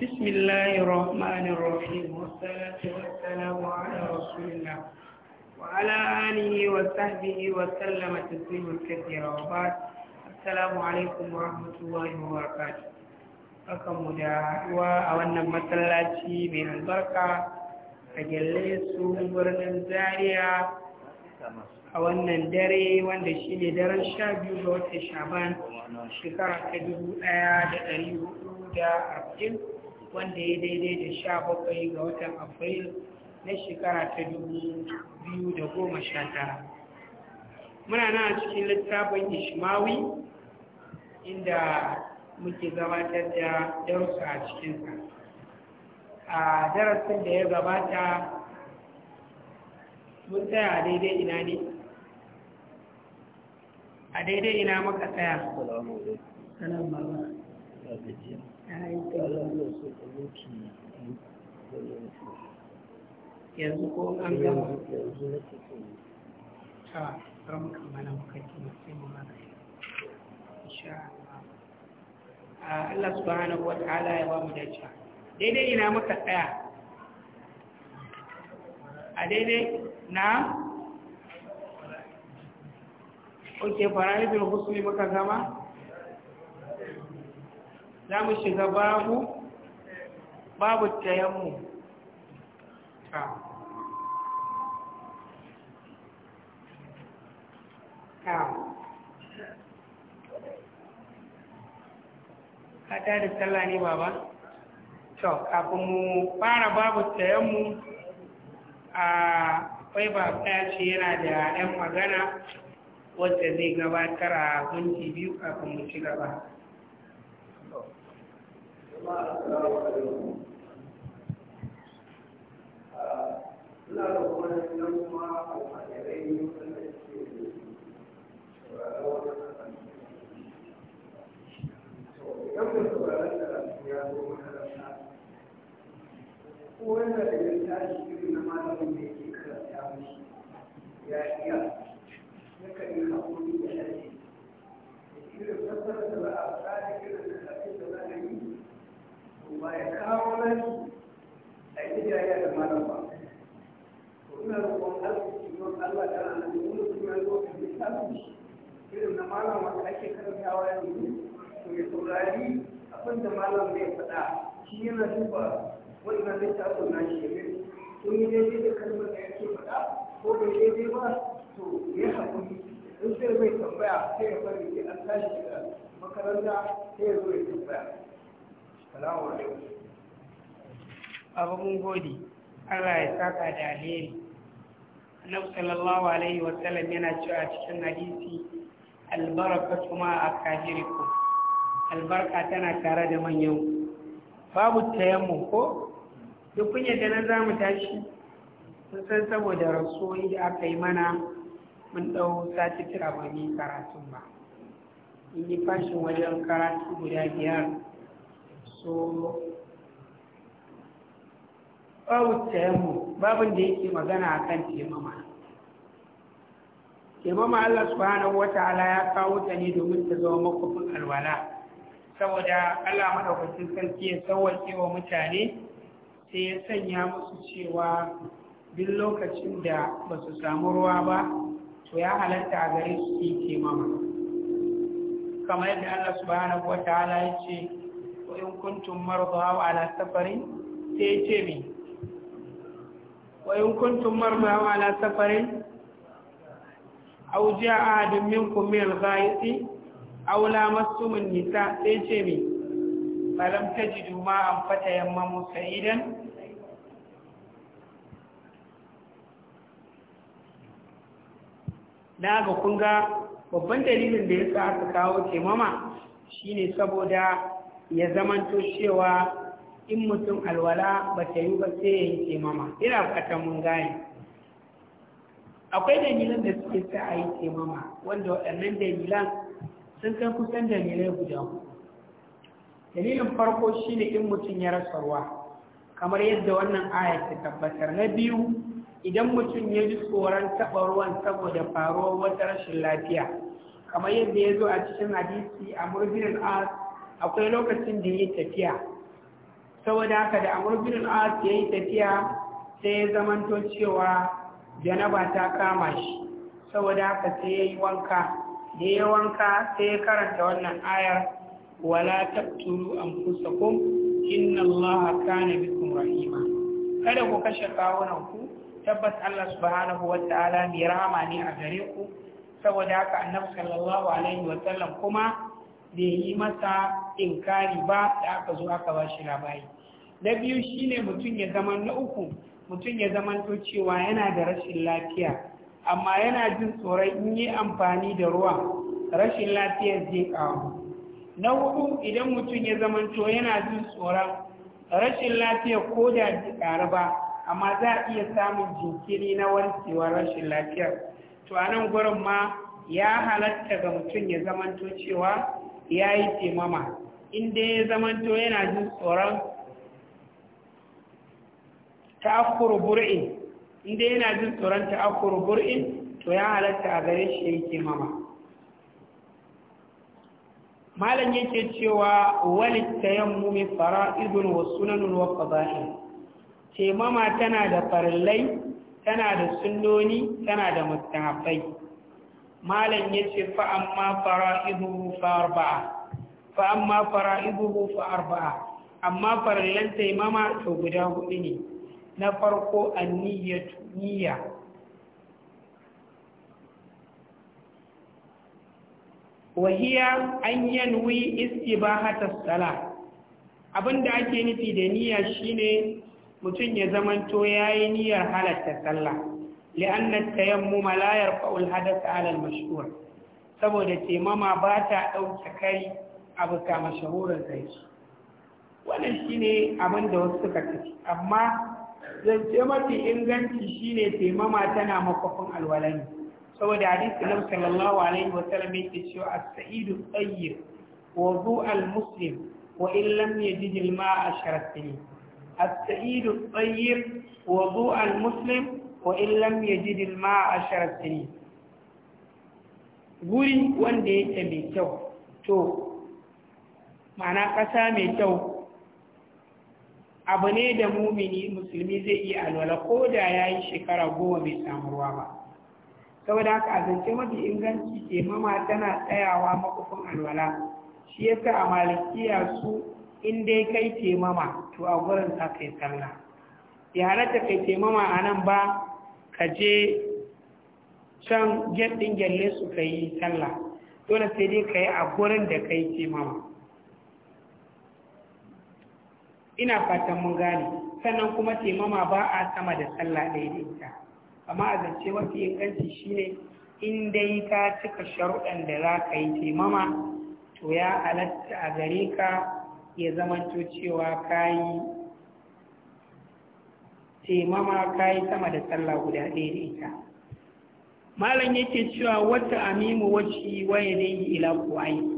بسم الله الرحمن الرحيم والصلاة والسلام على رسول الله وعلى آله وصحبه وسلم تسليما كثيرا وبعد السلام عليكم ورحمة الله وبركاته mu da haɗuwa a wannan masallaci mai albarka a su birnin zaria a wannan dare wanda shi ne daren sha biyu ga watan shaban shekara ta dubu ɗaya da ɗari hudu da arba'in wanda ya daidai da sha bakwai ga watan afril na shekara ta dubu biyu da goma sha tara muna nan a cikin littafin ishmawi inda muke gabatar da darussa a cikinsa a darasin da ya gabata mun tsaya a daidai ina ne a daidai ina maka tsaya salamu alaikum yanzu ko an gama yanzu ta ran kamala muka ci insha Allah Allah subhanahu ya ba mu dace daidai ina muka tsaya a daidai na oke fara ne da husni muka gama za mu shiga babu babu tayammu ka ta da sallah ne baba to kafin mu fara babu tayammu a kwai ba ce yana da 'yan magana wadda zai gabatar a minti biyu kafin mu ci gaba ina da kuma ko da ya tashi irin na malamin da yake karanta suna roƙon arziki don Allah da ranar da wani su mai zuwa kan irin na malam wanda ake karantawa yanzu to ya saurari abin da malam zai faɗa shi yana duba wannan littafin na shi ne sun yi daidai da kalmar da yake faɗa ko bai daidai ba to ya haƙuri in zai mai tambaya sai ya bari an tashi daga makaranta sai ya zo ya tambaya. Salamu alaikum. gode. Allah ya saka da alheri. annabi sallallahu alaihi wasallam yana cewa cikin hadisi albarakatu albarka tana tare da manyan babu tayammu ko duk kun yadda na zamu tashi sun san saboda rasuli da aka yi mana mun ɗau sati tira ba ni karatu ba in yi fashin wajen karatu guda biyar so babu tayammu babin da yake magana a kan taimama taimama Allah subhanahu ala ya kawo ta ne domin ta zama makwafin alwala saboda Allah maɗaukacin sarki ya sauwaƙe wa mutane sai ya sanya musu cewa duk lokacin da ba su samu ruwa ba to ya halatta a gare su yi taimama kamar yadda Allah subhanahu ala ya ce wa in kuntum ala safarin sai ya ce mai. وإن كنتم مرمى على سفر أو جاء أحد منكم من الغائط أو لامستم النساء تجمي فلم تجدوا ماء فتيمموا سعيدا na ga kun babban dalilin da ya sa aka kawo ke mama shine saboda ya zamanto cewa in mutum alwala ba ta yi ba sai ya yi taimama ina fatan mun gane akwai dalilan da suke sa a yi taimama wanda waɗannan dalilan sun kai kusan dalilai guda dalilin farko shi ne in mutum ya rasa ruwa kamar yadda wannan aya ta tabbatar na biyu idan mutum ya ji tsoron taɓa ruwan saboda faruwar wata rashin lafiya kamar yadda ya zo a cikin hadisi a murjin al'ad akwai lokacin da ya tafiya saboda haka da amur bin al'as ya yi tafiya sai ya zamanto cewa janaba ta kama shi saboda haka sai ya yi wanka da ya wanka sai ya karanta wannan ayar wala kusa anfusakum inna allaha kana bikum rahima kada ku kashe kawunan ku tabbas Allah subhanahu wataala mai rahama ne a gare ku saboda haka annabi sallallahu alaihi wa kuma da yi masa inkari ba da aka zo aka ba shi labari na biyu shine mutum ya zama na uku mutum ya zama to cewa yana da rashin lafiya amma yana jin tsoron in yi amfani da ruwa rashin lafiyar zai kawo na hudu idan mutum ya zama to yana jin tsoron rashin lafiyar ko da ji ba amma za a iya samun jinkiri na warkewar rashin lafiyar to a nan gurin ma ya halatta ga mutum ya zama cewa ya yi taimama inda ya zamanto yana jin tsoron ta'akuru bur'in inda yana jin tsoron ta'akuru bur'in to ya halatta a gare shi ya yi taimama malam yake cewa walit tayammumi fara'idun wa sunanun wa qada'i taimama tana da farillai tana da sunnoni tana da mustahafai malam ya ce fa'amma fara'iduhu fa'arba'a fa'amma fara'iduhu fa'arba'a amma farallan taimama to guda hudu ne na farko an niyya wahiya an yanwi hata sala abinda ake nufi da niyya shine mutum ya zamanto yi niyyar halatta sallah لأن التيمم لا يرفع الحدث على المشهور saboda taimama ba ta ɗauke kai abu ka mashahurar kai wannan shine abin da wasu suka tafi amma zance mafi inganci shine taimama tana makwafin alwalani saboda hadisi na sallallahu alaihi wa sallam yake cewa as-sa'idu tayyib wudu al-muslim wa as-sa'idu al wa illam yajidil a ashara sinin guri wanda yake mai kyau to ma'ana ƙasa mai kyau abu ne da mumini musulmi zai iya alwala ko da ya yi shekara goma bai samu ruwa ba saboda haka a zance mafi inganci ke mama tana tsayawa makufin alwala shi yasa a malikiya su in dai kai temama to a gurin sa kai sallah ya halatta kai temama a nan ba ka je can gyaɗin gyalle su ka yi sallah dole sai dai ka yi a gurin da ka yi mama ina fatan mun gane sannan kuma taimama ba a sama da sallah ɗaya da ita amma a zance mafi inganci shine in dai ka cika sharuɗan da za ka yi taimama to ya halatta a gare ka ya zamanto cewa ka yi taimama ka yi sama da sallah guda ɗaya da ita malam yake cewa wata amimu wacce waye ne ila kuwayi.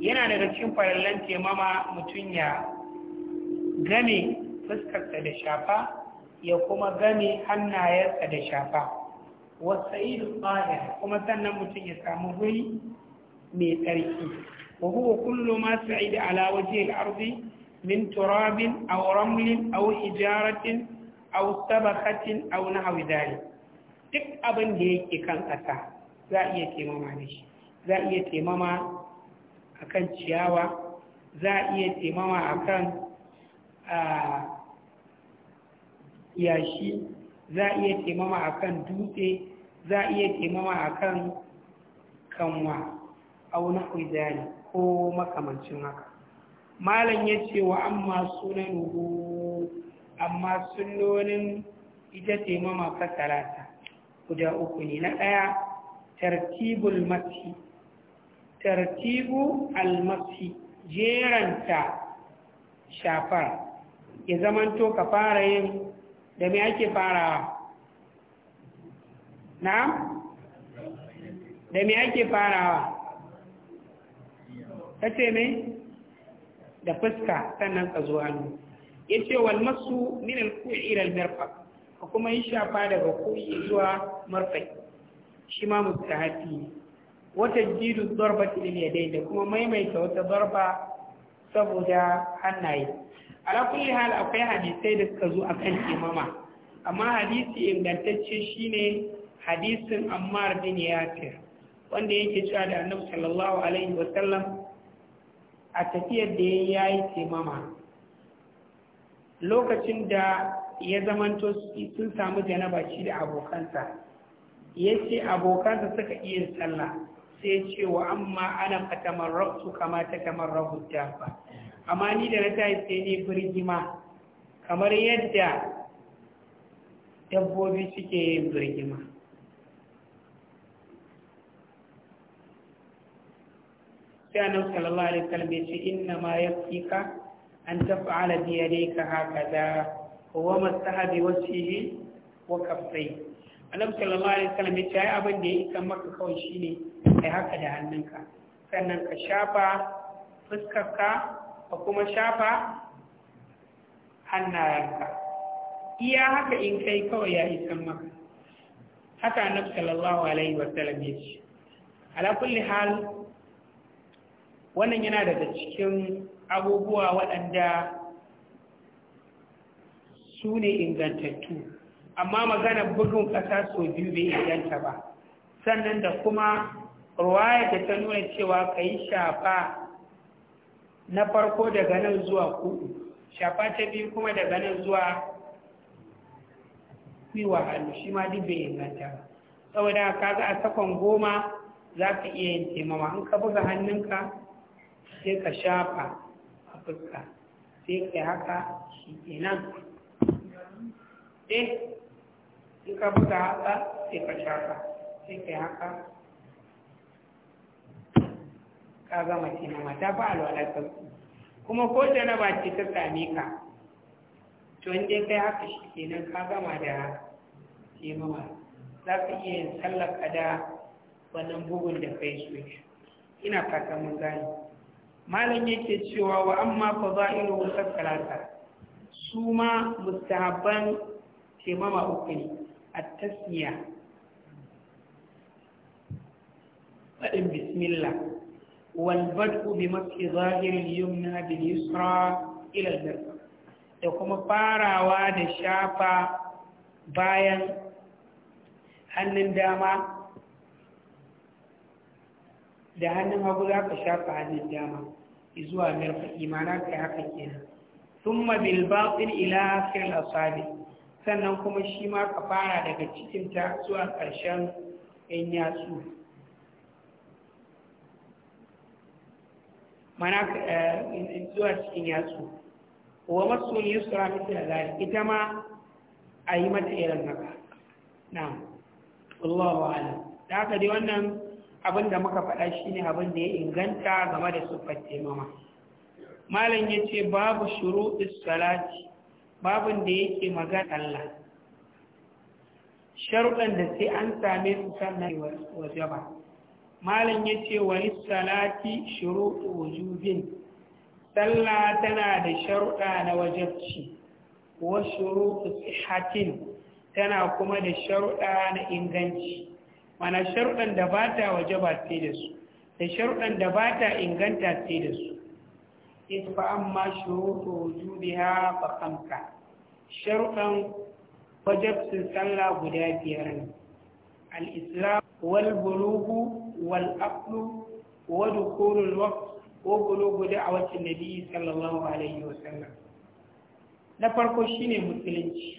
yana daga cikin farallan taimama mutum ya game fuskarsa da shafa ya kuma game hannayensa da shafa wasa idu tsaya kuma sannan mutum ya samu guri mai tsarki Wahuwa kullum masu ma da ala wajhi al min turabin aw ramlin aw hijaratin aw sabakatin aw nahwi dhalik duk abin da yake kan ƙasa za a iya taimama da shi za a iya taimama a kan ciyawa za a iya taimama a kan yashi za a iya taimama a kan dutse za a iya taimama a kan kanwa auna nahwi dhalik ko makamancin haka malam ya ce wa amma sunanuhu amma sunnonin ita ce mamaka talata guda uku ne na ɗaya tartibul mafi tartibu almafi jeranta shafar ya zamanto ka fara yin da me ake farawa na da me ake farawa ta ce mai da fuska sannan ka zo hannu ya ce wal masu min al ku'iral ka kuma yi shafa daga ku'i zuwa marfai shi ma mustahabi ne wata jidu darbati lil ya da kuma maimaita wata darba saboda hannaye ala kulli hal akwai hadisai da suka zo akan imama amma hadisi ingantacce shine hadisin Ammar bin Yasir wanda yake cewa da Annabi sallallahu alaihi wa sallam a tafiyar da ya yi taimama lokacin da ya zamanto sun samu janaba shi da abokansa ya ce abokansa suka iya sallah sai ce amma ana fatamar rautu kama ta kamar rahotta ba amma ni da na tayi sai ne birgima kamar yadda dabbobi suke yin birgima sai annabi sallallahu alaihi wasallam ya ce inna ma yafika an taf'ala bi yadayka hakaza wa masaha bi wajhihi wa kaffai annabi sallallahu alaihi wasallam ya ce ai abin da ya isa maka kawai shine kai haka da hannunka sannan ka shafa fuskarka ka kuma shafa iya haka in kai kawai ya isan maka haka annabi sallallahu alaihi wasallam ya ce ala kulli hal wannan yana daga cikin abubuwa waɗanda su ne ingantattu amma magana bugun ƙasa sau biyu bai inganta ba sannan da kuma ruwaya da ta nuna cewa ka yi shafa na farko daga nan zuwa kudu shafa ta biyu kuma daga nan zuwa kwiwa hannu shi ma duk bai inganta ba saboda ka ga a sakon goma za ka iya yin taimama in ka buga hannunka sai ka shafa a fuska sai ka haka shi kenan eh in ka buga haka sai ka shafa sai ka haka ka gama kenan mata ba alwala kuma ko na ce ta same ka to in dai kai haka shi kenan ka gama da taimama za ka iya yin sallar da wannan bugun da kai shi ina fata mun gane malam yake cewa wa amma fadailu sakkalata su ma mustahabban taimama uku ne A tasmiya fadin bismillah wal bi maski zahiril yumna bil yusra ila da kuma farawa da shafa bayan hannun dama da hannun hagu za ka shafa hannun dama zuwa mirfaƙi mana kai haka kenan sun ma batil ila akhir al asabi sannan kuma shi ma ka fara daga cikin ta zuwa ƙarshen yan yatsu mana eh, zuwa cikin yatsu wa masu yusra mithla zalik ita ma a yi mata irin haka na Allah wa'ala da haka dai wannan abin da muka faɗa shi ne abin da ya inganta game da siffar mama malam ya ce babu shuru salati babin da yake magana Allah sharuɗan da sai an same su sannan waje ba malam ya ce wani salati shuruɗu wujubin sallah tana da sharuɗa na wajabci wa shuru sihatin tana kuma da sharuɗa na inganci mana sharuɗan da ba ta waje ba sai da su da sharuɗan da ba ta inganta sai da su isfa amma shuruɗo wujubiha fa khamsa sharuɗan wajabcin sallah guda biyar ne al-islam wal bulugu wal aqlu wa da waqt wa bulugu da'wati nabi sallallahu alaihi wa sallam na farko shine musulunci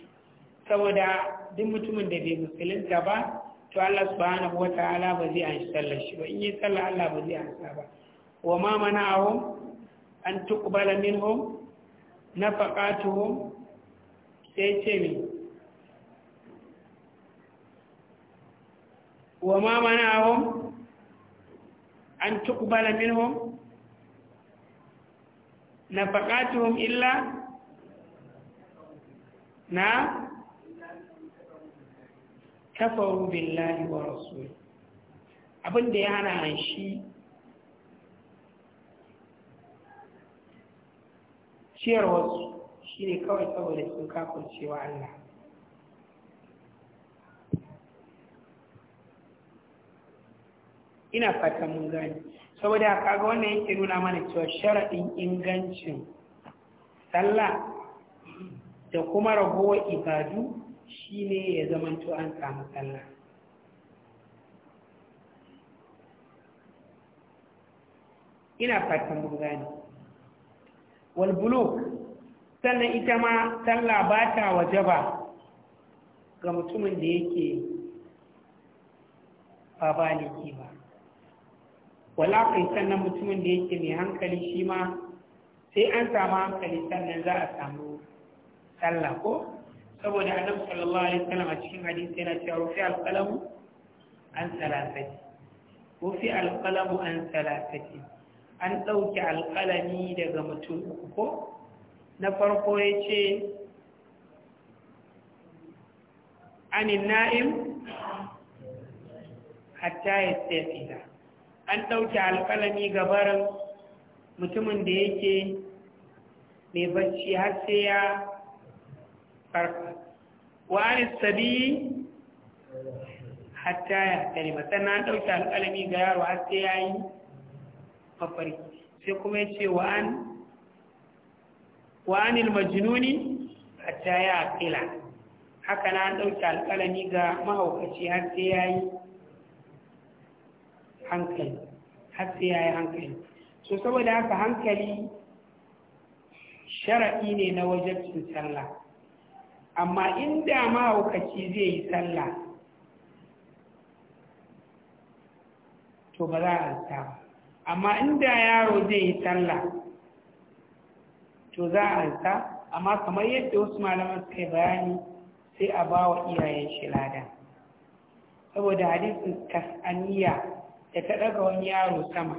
saboda duk mutumin da bai musulunta ba to Allah subhanahu wa ta'ala ba zai an sallar shi ba in yi sallar Allah ba zai an ba wa ma mana mana'ahum an tuqbala minhum nafaqatuhum sai ce mi wa ma mana mana'ahum an tuqbala minhum nafaqatuhum illa na kafaru billahi wa rasul abin da ya hana shi ciyarwarsu shi ne kawai saboda sun cewa Allah ina fatan mun gani saboda kaga wannan yake nuna mana cewa sharaɗin ingancin sallah da kuma ragowar ibadu shi ne ya zamanto an samu sallah ina fatan mun gane wal sannan ita ma sallah ba ta waje ba, ga mutumin da yake ba ba ba wala sannan mutumin da yake mai hankali shi ma sai an samu hankali sannan za a samu sallah ko saboda annabi sallallahu alaihi wasallam a cikin hadisi yana cewa rufi alqalamu an salasati rufi alqalamu an salasati an dauki alqalami daga mutum uku ko na farko yace anin na'im hatta yastafida an dauki alqalami gabaran mutumin da yake mai bacci har sai ya farko wa an sabi hatta ya tare ba sannan an ɗauki alƙalami ga yaro har sai ya yi mafarki sai kuma ya ce wa an wa hatta ya aqila haka na an ɗauki alƙalami ga mahaukaci har sai ya yi hankali har sai ya yi hankali so saboda haka hankali sharaɗi ne na wajen cin sallah amma inda ma wakaci zai yi sallah to ba za a ansa ba amma inda yaro zai yi sallah to za a ansa amma kamar yadda wasu malaman suka yi bayani sai a ba wa iyayen shi lada saboda hadisin kasaniya da ta ɗaga wani yaro sama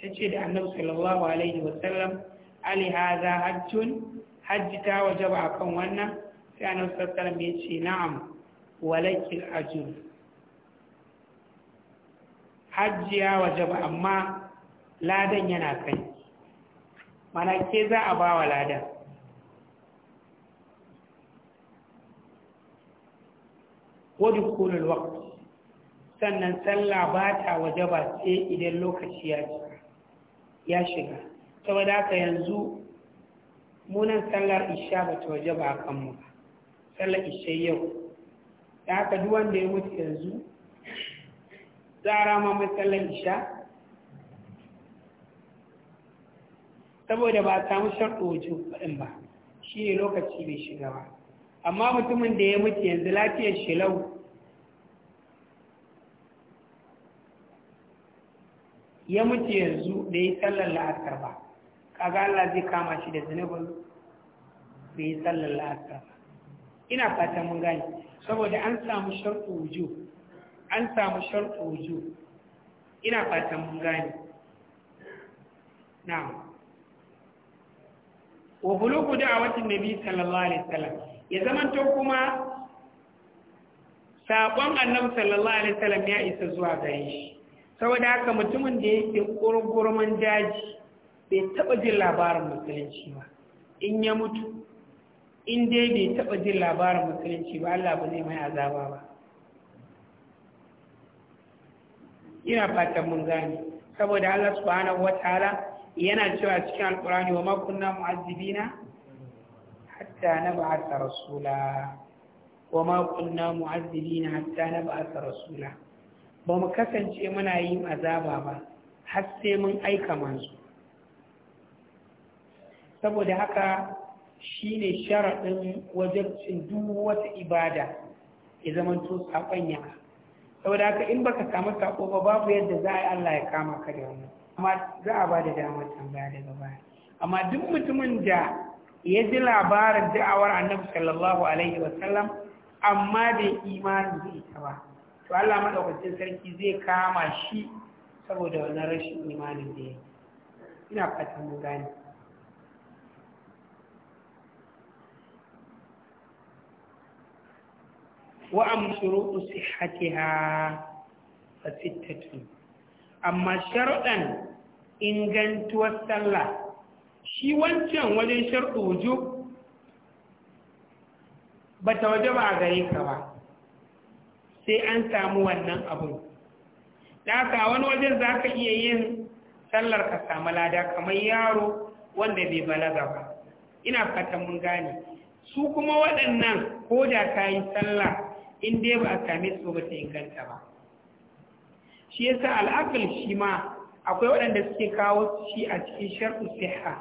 ta ce da annabi sallallahu alaihi wasallam ali haza hajjun hajji ta wajaba akan wannan sai annabi sallallahu alaihi ya ce na'am walakil ajr hajji waje ba, amma ladan yana kai mana ke za a ba wa ladan wadda waqt sannan sallah ba ta waje ba, sai idan lokaci ya ya shiga saboda haka yanzu munan sallar isha ba ta waje ba a kanmu ba sallar ishe yau da haka duk wanda ya mutu yanzu za a rama mai sallar isha saboda ba a samu sharɗo wajen faɗin ba shi ne lokaci bai shiga ba amma mutumin da ya mutu yanzu lafiyar shilau ya mutu yanzu da ya sallar la'asar ba kaga Allah zai kama shi da zunubin bai yi sallar la'asar ba ina fatan mun gane saboda an samu sharɗu wujo an samu sharɗu wujo ina fatan mun gane na'am wa buluku da'awatin nabi sallallahu alaihi wasallam ya zamanto kuma sabon annabi sallallahu alaihi wasallam ya isa zuwa gare shi saboda haka mutumin da yake gurgurman daji bai taba jin labarin musulunci ba in ya mutu in dai bai taɓa jin labarin musulunci ba Allah ba zai mai azaba ba ina fatan mun gane saboda Allah subhanahu wataala yana cewa cikin alkurani wa ma kunna mu'azzibina hatta nab'atha rasula wa ma kunna mu'azzibina hatta nab'atha rasula ba mu kasance muna yin azaba ba har sai mun aika manzo saboda haka Shi shine sharaɗin cin duk wata ibada ya zama to saƙon ya saboda haka in baka samu saƙo ba babu yadda za a yi Allah ya kama ka da wani amma za a ba da damar tambaya daga baya amma duk mutumin da ya ji labarin da'awar annabi sallallahu alaihi wa sallam amma bai imani da ita ba to Allah madaukakin sarki zai kama shi saboda wannan rashin imanin da ya ina fatan mun gane wa'am shuruɗu sihhatiha fa sittatun amma sharuɗan ingantuwar sallah shi wancan wajen sharɗu wujub ba ta waje ba a gare ka ba sai an samu wannan abun da haka wani wajen za ka iya yin sallar ka samu lada kamar yaro wanda bai balaga ba ina fata mun gane su kuma waɗannan ko da ka yi sallah in dai ba a same su ba ta inganta ba shi yasa al'aqal shi ma akwai waɗanda suke kawo shi a cikin shar'u siha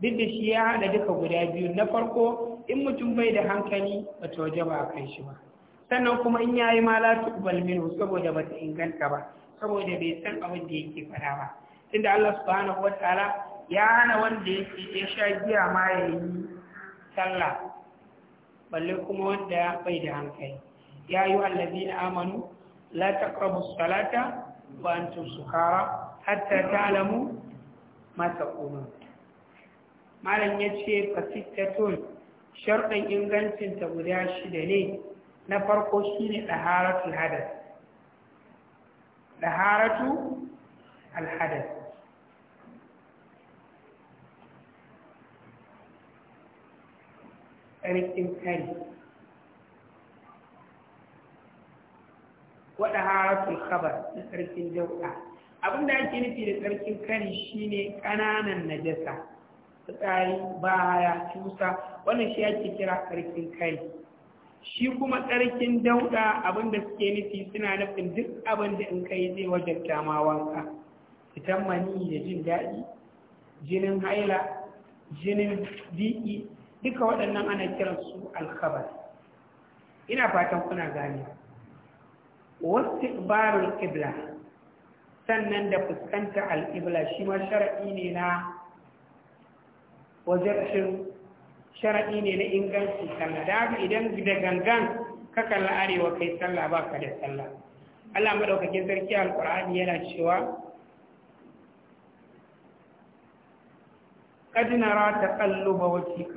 duk da shi ya haɗa duka guda biyu na farko in mutum bai da hankali ba ta waje ba a kan shi ba sannan kuma in yayi ma la tuqbal saboda ba ta inganta ba saboda bai san abin da yake faɗa ba tunda Allah subhanahu wataala ya hana wanda yake ya sha giya ma yayi yi sallah balle kuma wanda bai da hankali ya yi allazi na amanu la taqrabu salata wa su sukara hatta alamu masa taqulun malam ya yace fasittatun sharɗin ingancin ta guda shida ne na farko shi ne ɗaharatu alhadas ƙarfin kari waɗa haratul khabar na tsarkin jau'a abin da ake nufi da tsarkin kari shine ƙananan najasa tsari baya cusa, wannan shi ake kira tsarkin kari shi kuma tsarkin dauda abin da suke nufi suna nufin duk abin da in kai zai wajen ma wanka fitan mani da jin daɗi jinin haila jinin di'i e, duka waɗannan ana kiransu alkhabar ina fatan kuna gane wasu barin ibla sannan da fuskanta al'ibla shi ma shara'i ne na wajen shara'i ne na ingancin sallah da haka idan da gangan ka kalla arewa kai sallah ba ka da sallah allah maɗaukakin sarki alƙur'ani yana cewa ta نرى ba وجهك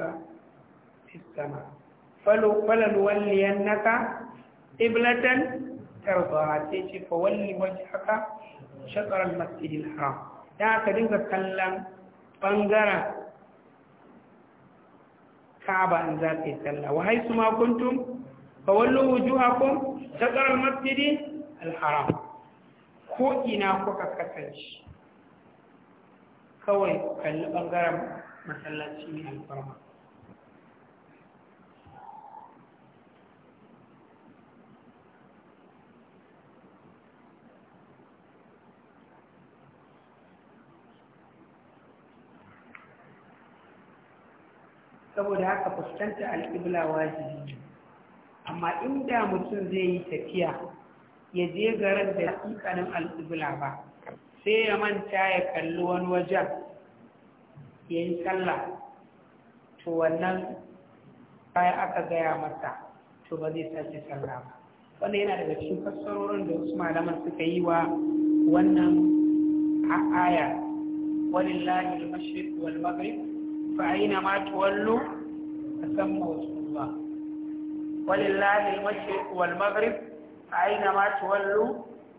fi sama falal walliyan naka iblatan tarba sai ce fa walli waje haka shakarar masjidil haram da aka dinga kallon ɓangaren ka'aba in za ka yi sallah wa ma haram ko ina kuka kasance kawai kalli bangaren masallaci alfarma saboda haka fuskanta alƙibla wajibi amma inda mutum zai yi tafiya ya je garin da tsikanin alƙibla ba sai ya manta ya kalli wani wajen ya yi tsalla, to wannan baya aka gaya masa to ba zai sace sallah ba wanda yana daga cikin fassarorin da wasu malaman suka yi wa wannan aya wani al mashi wal فأينما تولوا فسموا وجه الله ولله المشرق والمغرب فأينما تولوا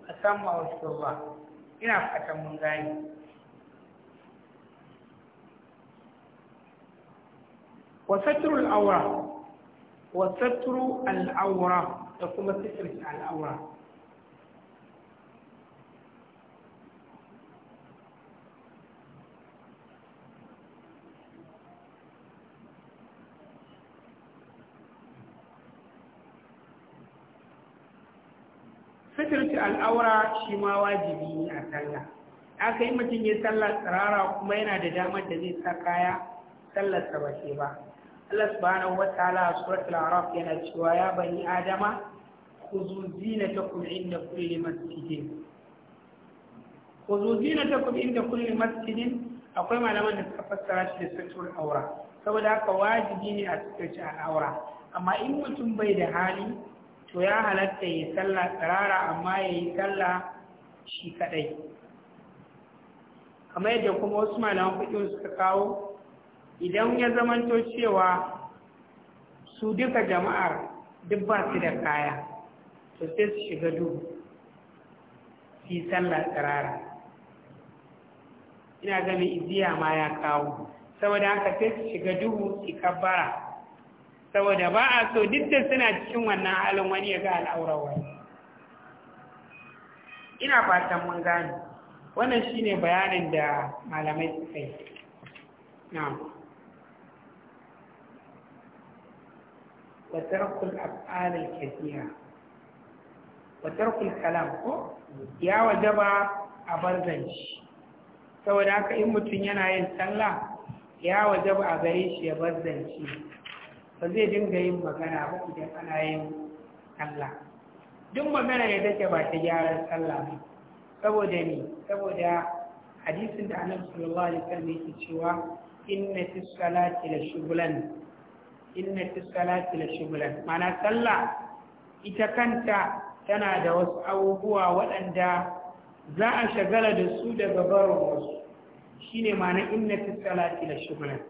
فسموا وجه الله هنا فحكم من ذلك وستر الأوراق وستر الأوراق يقول ستر الأوراق suturci al'aura shi ma wajibi ne a sallah aka yi mutum ya sallar tsirara kuma yana da damar da zai sa kaya sallar sa ba ba Allah subhanahu wa ta'ala a suratul araf yana cewa ya bani adama Ku zuzi inda kulli masjidin khuzu zinatakum inda kulli masjidin akwai malaman da suka fassara shi da sutur aura saboda haka wajibi ne a suturci al'aura amma in mutum bai da hali to ya halatta yi sallah tsirara amma ya yi sallah shi kadai kamar yadda kuma wasu malaman fiƙin suka kawo idan ya zamanto cewa su duka jama'ar duk ba su da kaya to sai su shiga duhu su yi sallah tsirara ina gani iziya ma ya kawo saboda haka sai su shiga duhu su kabbara saboda ba a so duk da suna cikin wannan halin wani ya ga al'aurar wani ina fatan mun gane wannan shine bayanin da malamai suka yi na'am wa tarkul af'al al-kathira wa tarkul kalam ko ya wajaba a barzanci saboda haka in mutum yana yin sallah ya wajaba a gare shi ya barzanci ba zai dinga yin magana ba idan ana yin Allah. duk magana da take ba ta gyaran sallah ba saboda ni saboda hadisin da annabi sallallahu alaihi wasallam yake cewa inna tisalati la shugulan, inna tisalati la shugulan. mana sallah ita kanta tana da wasu abubuwa waɗanda za a shagala da su daga barin wasu shine ma'ana inna tisalati la shugulan.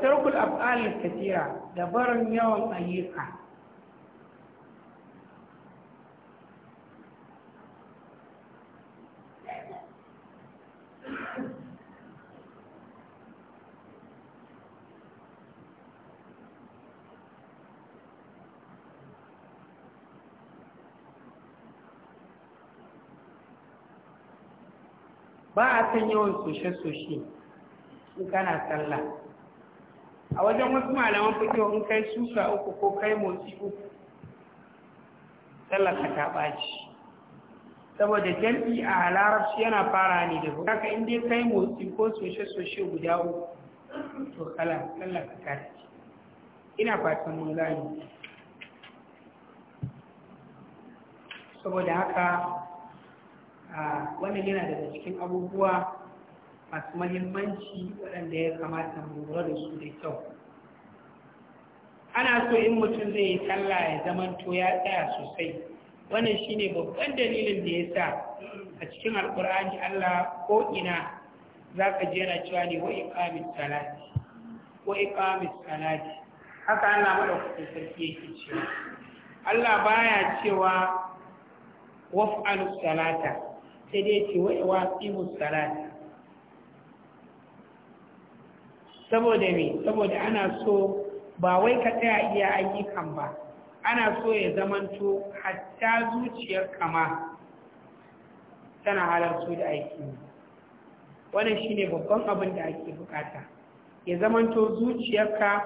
tarkul af'al kathira da barin yawan ayyuka ba a san yawan soshe-soshe in kana sallah a wajen wasu malaman fito in kai suka uku ko kai motsi uku tsallaka ta ɓaci saboda jam'i a larabci yana fara ne da haka inda ya kai motsi ko soshe-soshe guda uku to kala tsallaka ta ce, ina fatan mun gani saboda haka wannan yana daga cikin abubuwa masu mahimmanci waɗanda ya kamata mu lura da su da kyau ana so in mutum zai yi talla ya zamanto ya tsaya sosai wannan shine babban dalilin da ya sa a cikin alkur'ani Allah ko ina za ka na cewa ne wa iqamis salati wa iqamis salati haka Allah madaukakin sarki yake cewa Allah baya cewa waf'alus salata sai dai ce wa iqimus salata saboda me saboda ana so ba wai ka tsaya iya ayyukan ba ana so ya zamanto hatta zuciyar kama tana su da aiki wannan shine babban abin da ake bukata ya zamanto zuciyarka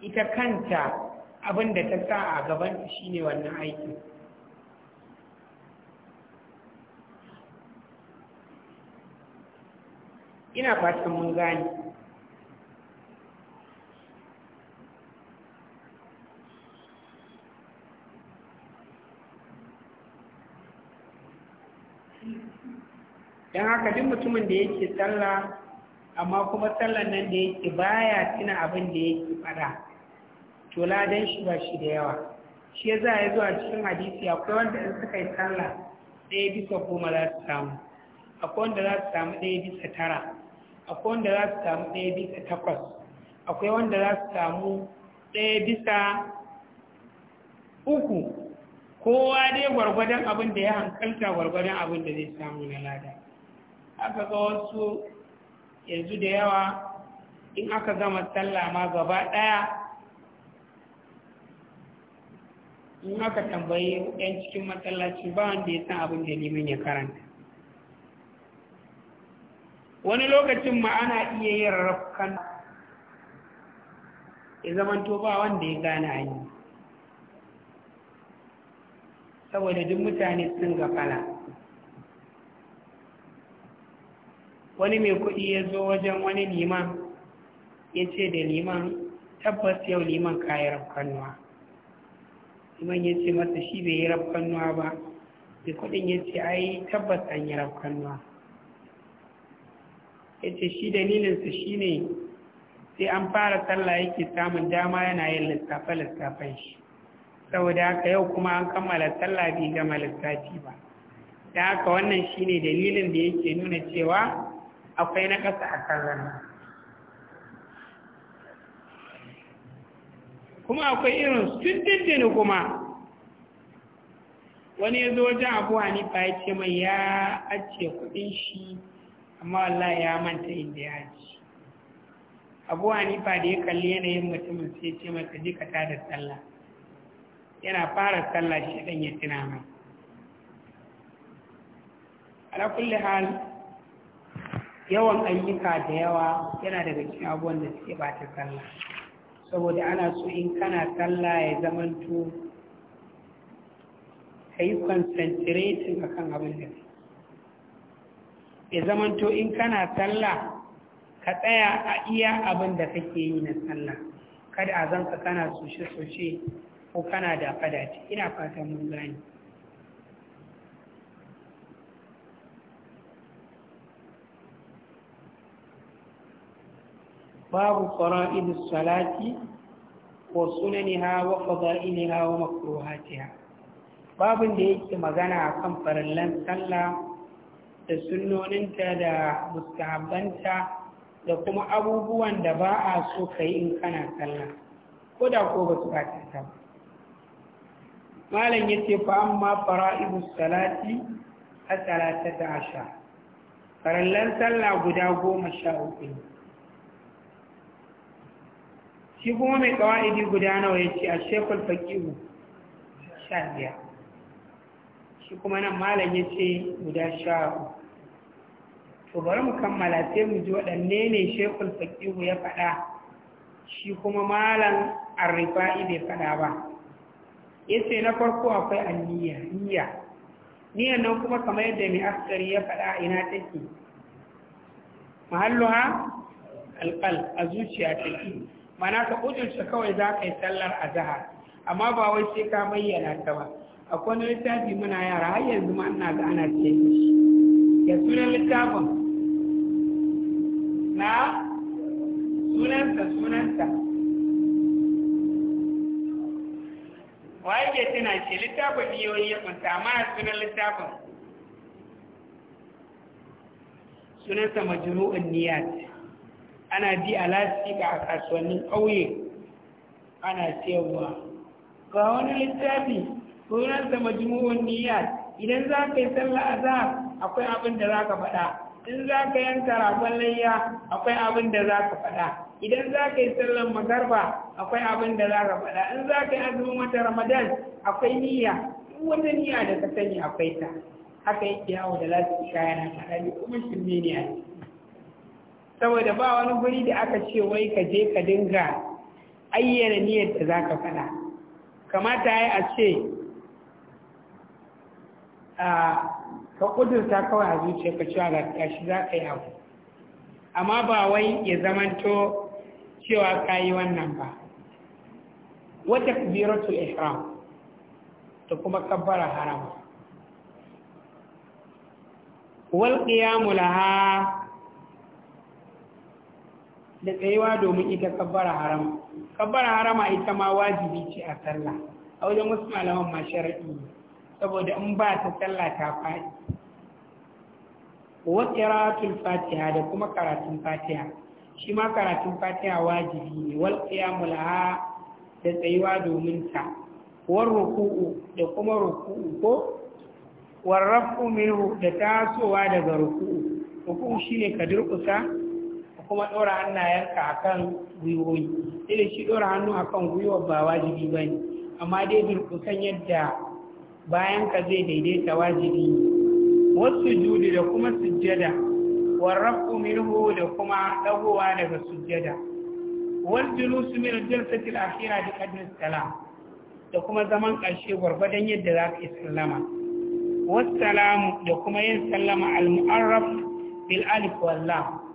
ita kanta abin da ta sa a gaban gabanta shine wannan aiki ina fatan mun gani haka duk mutumin da yake sallah amma kuma tsallan nan da yake baya tuna abin da yake fada to ladan shi ba shi da yawa shi ya za a yi zuwa cikin hadisi akwai wanda in suka yi sallah ɗaya bisa goma za su samu akwai wanda za su samu ɗaya bisa tara akwai wanda za su samu ɗaya bisa takwas akwai wanda za su samu ɗaya bisa uku kowa dai gwargwadon abin da ya hankalta gwargwadon abin da zai samu na lada aka ga wasu yanzu da yawa in aka gama tsalla ma gaba ɗaya in aka tambayi yan cikin matsalaci ba wanda ya san abin da liman ya karanta wani lokacin ma ana iya yin rafkan ya zamanto ba wanda ya gane hanyar saboda duk mutane sun gafala wani mai kuɗi ya zo wajen wani liman ya ce da liman tabbas yau liman ka yi rafkannuwa liman ya ce masa shi bai yi rafkannuwa ba mai kuɗin ya ce ai tabbas an yi rafkannuwa ya ce shi dalilinsa shi ne sai an fara sallah yake samun dama yana yin lissafa-lissafan shi saboda haka yau kuma an kammala sallah bai gama lissafi ba da haka wannan shi ne dalilin da yake nuna cewa akwai na ƙasa a kan rana kuma akwai irin sun dindini kuma wani ya zo wajen abu ba ya ce mai ya ajiye kudin shi amma Allah ya manta inda ya abuwa abu ba da ya kalli yanayin mutumin sai ce mai ka ji ka tada sallah yana fara sallah shi dan ya tuna mai ala kulli hal yawan ayyuka da yawa yana daga cikin abubuwan da suke ba ta sallah saboda ana so in kana sallah ya zamanto ka yi concentrating a kan abin da ya zamanto in kana sallah ka tsaya a iya abin da kake yi na sallah kada a zanka kana soshe-soshe ko kana da fadace ina fatan mun gani babu fara'id salati wa sunaniha wa fada'iliha wa makruhatiha babin da yake magana akan farallan sallah da sunnoninta da mustahabbanta da kuma abubuwan da ba'a so ka yi in kana sallah ko da ko ba su ta ba malam yace fa amma fara'idu salati a salatata asha farallan sallah guda goma sha uku shi kuma mai kawa'idi guda nawa ya ce a shekul faƙihu sha biya shi kuma nan malam ya ce guda sha to bari mu kammala sai mu ji waɗanne ne shekul faƙihu ya faɗa shi kuma malam arrifa'i bai faɗa ba ya ce na farko akwai aniyya niyya niyyan nan kuma kamar yadda mai askari ya faɗa ina take mahalluha alƙal a zuciya take mana ka shi kawai za ka yi sallar zaha amma ba wai sai ka bayyana ta ba akwai wani littafi muna yara har yanzu ma ina ga ana ce ya sunan littafin na sunanta sunanta waye ke tuna shi littafin biyoyi ya kunta amma na sunan littafin sunansa majuru'un niyyar. ana ji a lasika a kasuwannin ƙauye ana cewa ga wani littafi da majmu'un niyyat idan za ka yi sallah azhar akwai abin da za ka faɗa in za ka yanka ragon layya akwai abin da za ka faɗa idan za ka yi sallar magarba akwai abin da za ka faɗa in za ka yi azumin wata ramadan akwai niyya In wata niyya da ka sani akwai ta haka yake yawo da lasika yana faɗa ne kuma shirme ne a ciki saboda ba wani guri da aka ce wai ka je ka dinga ayyana niyyar da za ka faɗa kamata ya a ce ka kudurta kawai a zuciya ka cewa ga tashi za ka yi abu amma ba wai ya zamanto cewa ka yi wannan ba wata kubiratu ihram da kuma kabbara harama wal qiyamu laha da tsayewa domin ita kabbara harama kabbara harama ita ma wajibi ce a sallah a wajen wasu malaman ma sharaɗi saboda in ba ta sallah ta faɗi wa qira'atul fatiha da kuma karatun fatiha shi ma karatun fatiha wajibi ne wal qiyamul ha da tsayewa domin ta war ruku'u da kuma ruku'u ko war raf'u minhu da tasowa daga ruku'u ruku'u shine ka durƙusa kuma ɗora hannayenka a kan gwiwoyi da shi ɗora hannu a kan gwiwa ba wajibi ba ne amma dai durkusan yadda bayan ka zai daidaita wajibi ne wasu judi da kuma sujjada warrafu minhu da kuma ɗagowa daga sujjada wal julusu min jalsatil akhira bi qadri salam da kuma zaman ƙarshe gwargwadon yadda za ka yi sallama wassalamu da kuma yin sallama al-mu'arraf bil alif wal lam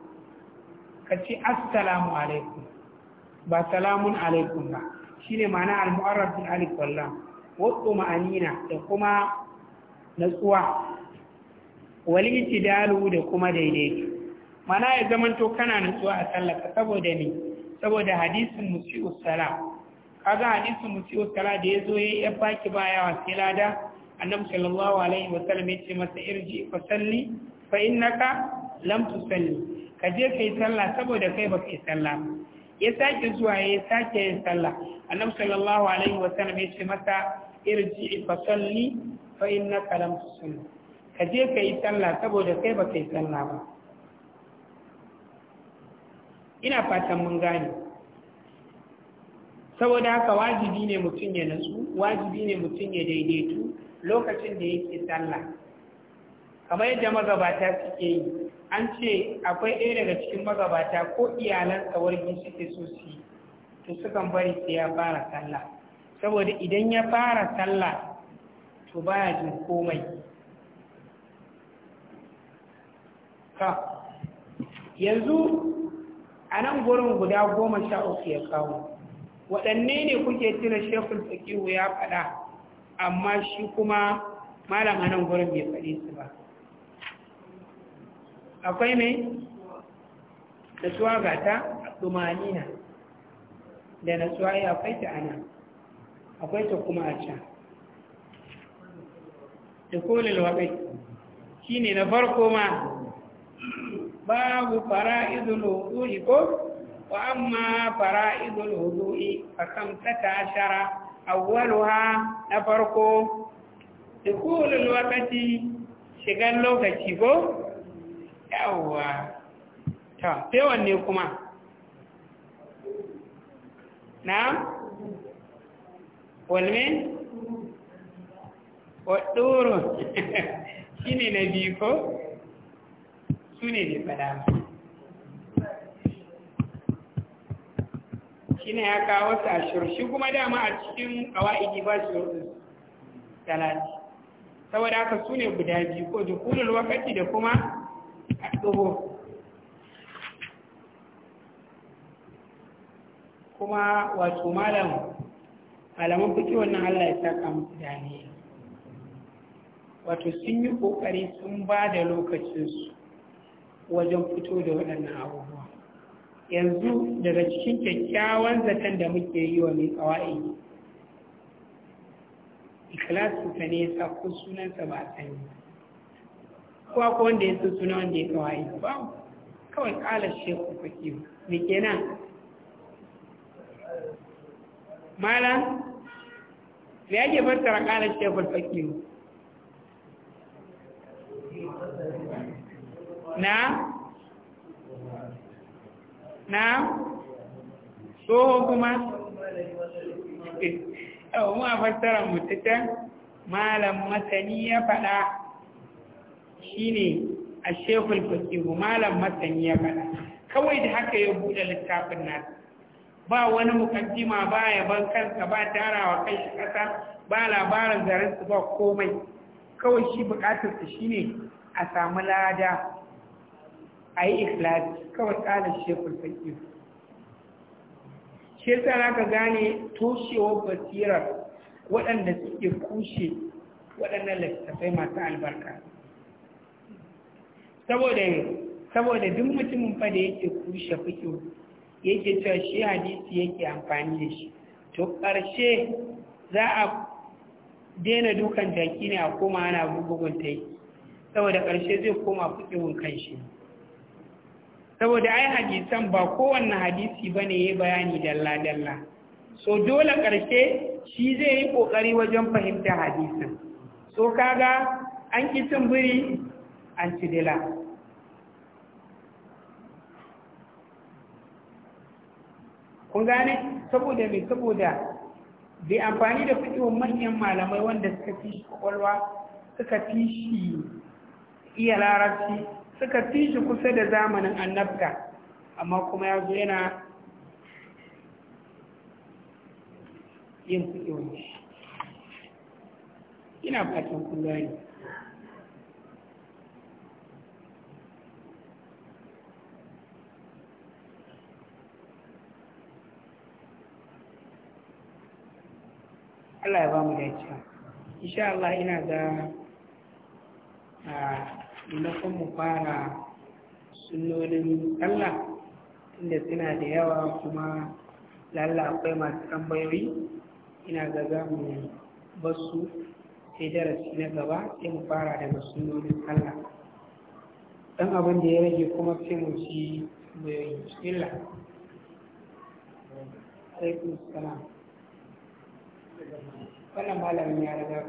ka ce assalamu alaikum ba salamun alaikum ba ne ma'ana al-mu'arraf bil alif wasu ma'anina da kuma natsuwa wali itidalu da kuma daidai. mana ya zamanto kana natsuwa a sallaka saboda ne saboda hadisin musu sala kaga hadisin musu sala da ya zo ya yi baki baya wa lada annabi sallallahu alaihi wa ya ce masa irji fa salli fa innaka lam tusalli ka je ka yi sallah saboda kai ba ka yi sallah ya sake zuwa ya sake yin sallah annabi sallallahu alaihi wa sallam ya ce masa irji fa salli fa innaka lam tusalli ka je ka yi sallah saboda kai ba ka yi sallah ba ina fatan mun gane saboda haka wajibi ne mutum ya nutsu, wajibi ne mutum ya daidaitu lokacin da yake sallah kamar yadda magabata suke yi an ce akwai ɗaya daga cikin magabata ko iyalan wargi suke so su yi to sukan bari sai ya fara sallah saboda idan ya fara sallah to baya jin komai ka yanzu a nan gurin guda goma sha uku ya kawo waɗanne ne kuke tuna shekul fakihu ya faɗa amma shi kuma malam a nan gurin bai faɗi su ba akwai mai natsuwa ga ta ɗumanina da natsuwa ya akwai ta ana akwai ta kuma a can da kolin waɓai shi ne na farko ma babu fara izul hudu'i ko wa amma fara izul hudu'i a kamtata ashara awwaluha na farko da kolin waɓati shigan lokaci ko yawwa ta sai wanne kuma na walme waɗoro shi ne na biyu ko su ne ne fada shi ne ya kawo su a Shi kuma dama a cikin kawa'idi ba su talati saboda aka su ne guda biyu ko dukulul lokaci da kuma tsoho kuma wato malam malaman fiki wannan Allah ya saka musu dane wato sun yi kokari sun ba da lokacinsu wajen fito da waɗannan abubuwa yanzu daga cikin kyakkyawan zaton da muke yi wa mai kawai ikilasu ta ne ya sa ko sunansa ba a sani kowa ko wanda ya san suna wanda ya kawai ba kawai kala kwaki ne me nan Mala, me yake fassara kala shehu fakihu na na tsoho kuma yawon a fassara mutu ta. malam masani ya faɗa shine a shekul fasihu malam masani ya faɗa kawai da haka ya buɗe littafin nan. ba wani mukaddima ba yaban kansa ba tarawa kai shi ƙasa ba labarin garinsu ba komai kawai shi buƙatarsa shine a samu lada a yi ikhlasi kawai tsarin shekul fasihu. shi yasa za ka gane toshewar basirar waɗanda suke kushe waɗannan littattafai masu albarka saboda saboda duk mutumin fa yake kushe fikihu yake cewa shi hadisi yake amfani da shi to ƙarshe za a daina dukan jaki ne a koma ana bugun ta yi saboda ƙarshe zai koma kan kanshi saboda ai hadisan ba kowanne hadisi ba ne ya bayani dalla-dalla so dole ƙarshe shi zai yi ƙoƙari wajen fahimta hadisin so kaga an ƙi biri an ci la kun gane saboda mai saboda bai amfani da fitowar manyan malamai wanda suka fi shi kwakwalwa suka fi shi iya larabci suka fi shi kusa da zamanin annabta amma kuma ya zo yana yin fitowar shi ina fatan kun gane Allah ya ba mu dace insha Allah ina ga ah, na mu fara sunonin Allah inda suna da yawa kuma lalla akwai masu tambayoyi ina ga za mu basu sai darasi na gaba sai mu fara daga sunonin Allah dan abin da ya rage kuma sai mu ci yi. bismillah salam wannan malamin ya raga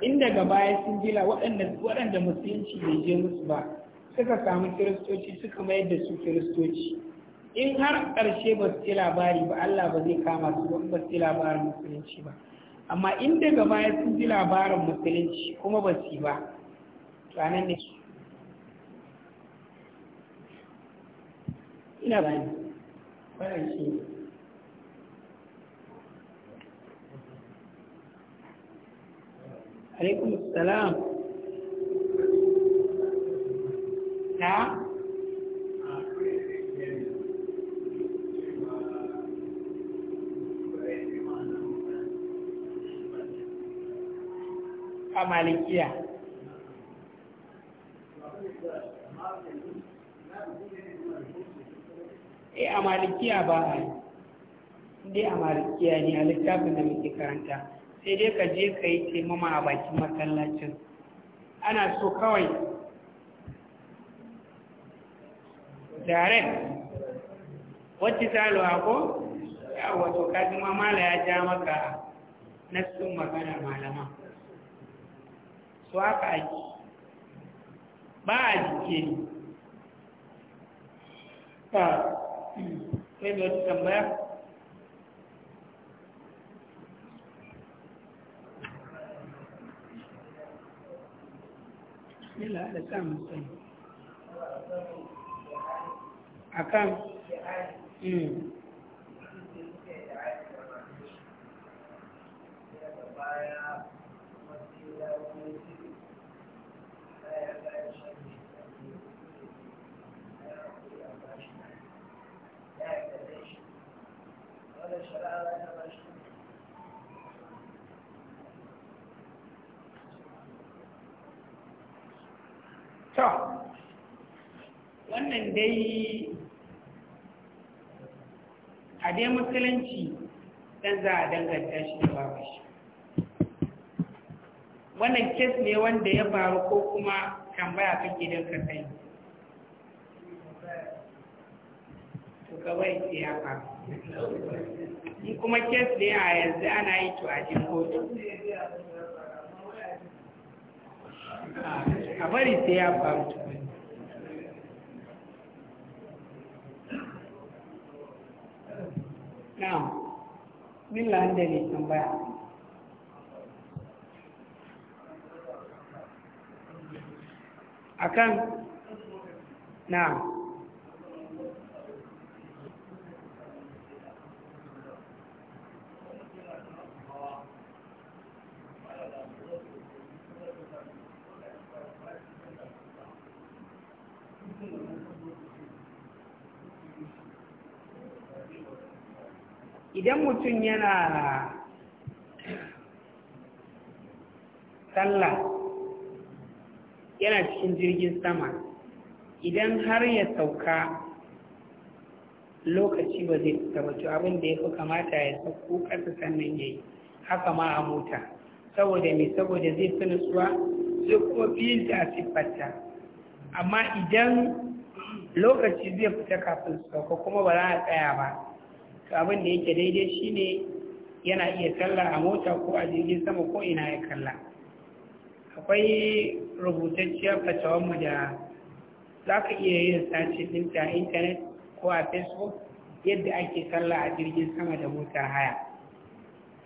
inda gaba baya sun jila waɗanda musulunci bai je musu ba suka samu kiristoci suka mayar da su kiristoci in har ƙarshe ba su ci labari ba Allah ba zai kama su ba su ci labarin musulunci ba amma in daga baya sun ji labarin musulunci kuma ba su ba ranar ne ina ba ne wannan shi alaikum salam a malikiya e a malikiya ba a yi dai a malikiya ne a littafin da muke karanta sai dai ka je ka yi taimama a bakin masallacin ana so kawai daren wacce ta luwa ko ya wato kaji mamala ya ja maka nassun magana malama su haka ake ba a jike ne ta kai da wata tambaya akan hmm. Ta. wannan dai a dai musulunci dan za a danganta shi da babu shi wannan kes ne wanda ya faru ko kuma tambaya kake don ka sani to kawai sai ya faru in kuma kes ne a yanzu ana yi to a jin kotu a bari sai ya faru tukun na'am min la'anda ne tambaya akan na'am idan mutum yana sallah yana cikin jirgin sama idan har ya sauka lokaci ba zai gabatu abin da ya fi kamata ya sauko ƙasa sannan ya yi haka ma a mota saboda mai saboda zai fi nutsuwa zai kuma biyun ta a siffarta amma idan lokaci zai fita kafin sauka kuma ba za a tsaya ba to abin da yake daidai shi ne yana iya talla a mota ko a jirgin sama ko ina ya kalla akwai rubutacciyar fatawanmu da za ka iya yin sace dinta a intanet ko a facebook yadda ake talla a jirgin sama da motar haya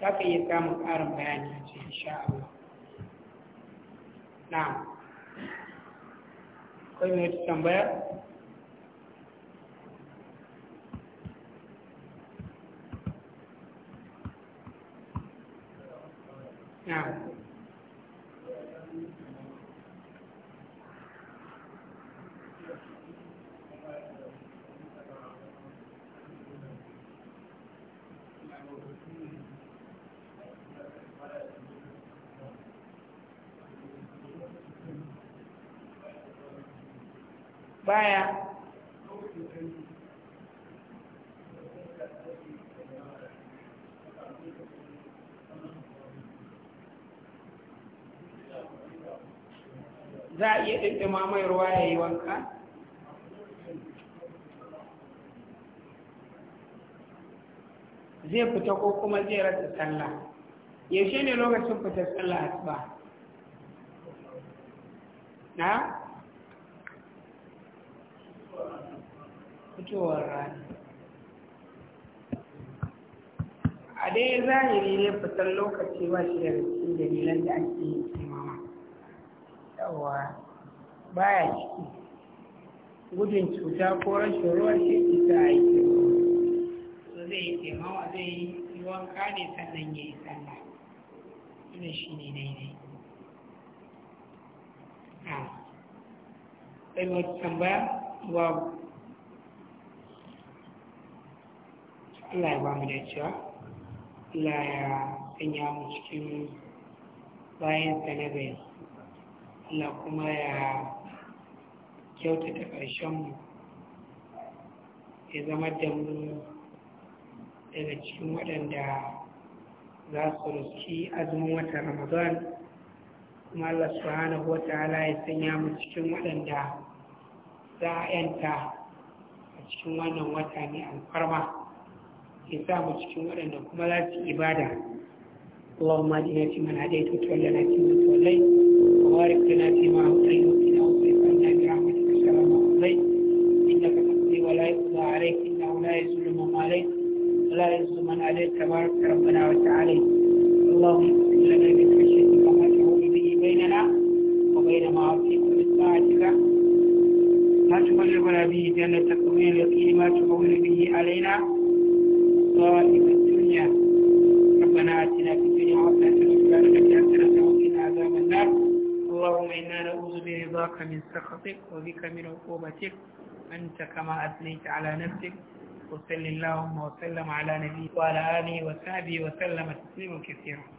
za ka iya samun ƙarin bayani a cikin sha'awa na akwai mai tambaya ah ɗinɗima mai ruwa ya yi wanka zai fita ko kuma zai rasa sallah yaushe ne lokacin fita a asuba na fitowar rana a dai zahiri ne fitar lokaci ba shi da rikin dalilan da ake yi Yawwa. baya ciki gudun cuta ko rashin ruwa shi cuta a yi so zai yi taimawa zai yi wanka ne sannan ya yi sannan ina shi ne daidai a ah. sai wata tambaya wa Allah ya ba mu da cewa Allah ya sanya mu cikin bayan sa na gari Allah kuma ya kyautata ƙarshenmu ya zama da mu daga cikin waɗanda za su riski azumin wata ramadan kuma Allah subhanahu wa ta'ala ya sanya mu cikin waɗanda za a yanta a cikin wannan wata ne alfarma ya sa mu cikin waɗanda kuma za su ibada اللهم اهدنا فيمن هديت وتولنا فيمن توليت وبارك لنا فيما اعطيت وسلاما عليك تبارك ربنا وتعالى اللهم اغفر لنا من خشيتك ما تحول به بيننا وبين معاصيك من طاعتك ما تبلغنا به جنتك ومن اليقين ما تهون به علينا مصائب الدنيا ربنا اتنا في الدنيا حسنه وفي الاخره حسنه وقنا عذاب النار اللهم انا نعوذ برضاك من سخطك وبك من عقوبتك انت كما اثنيت على نفسك وصل اللهم وسلم على نبيه وعلى آله وصحبه وسلم تسليما كثيرا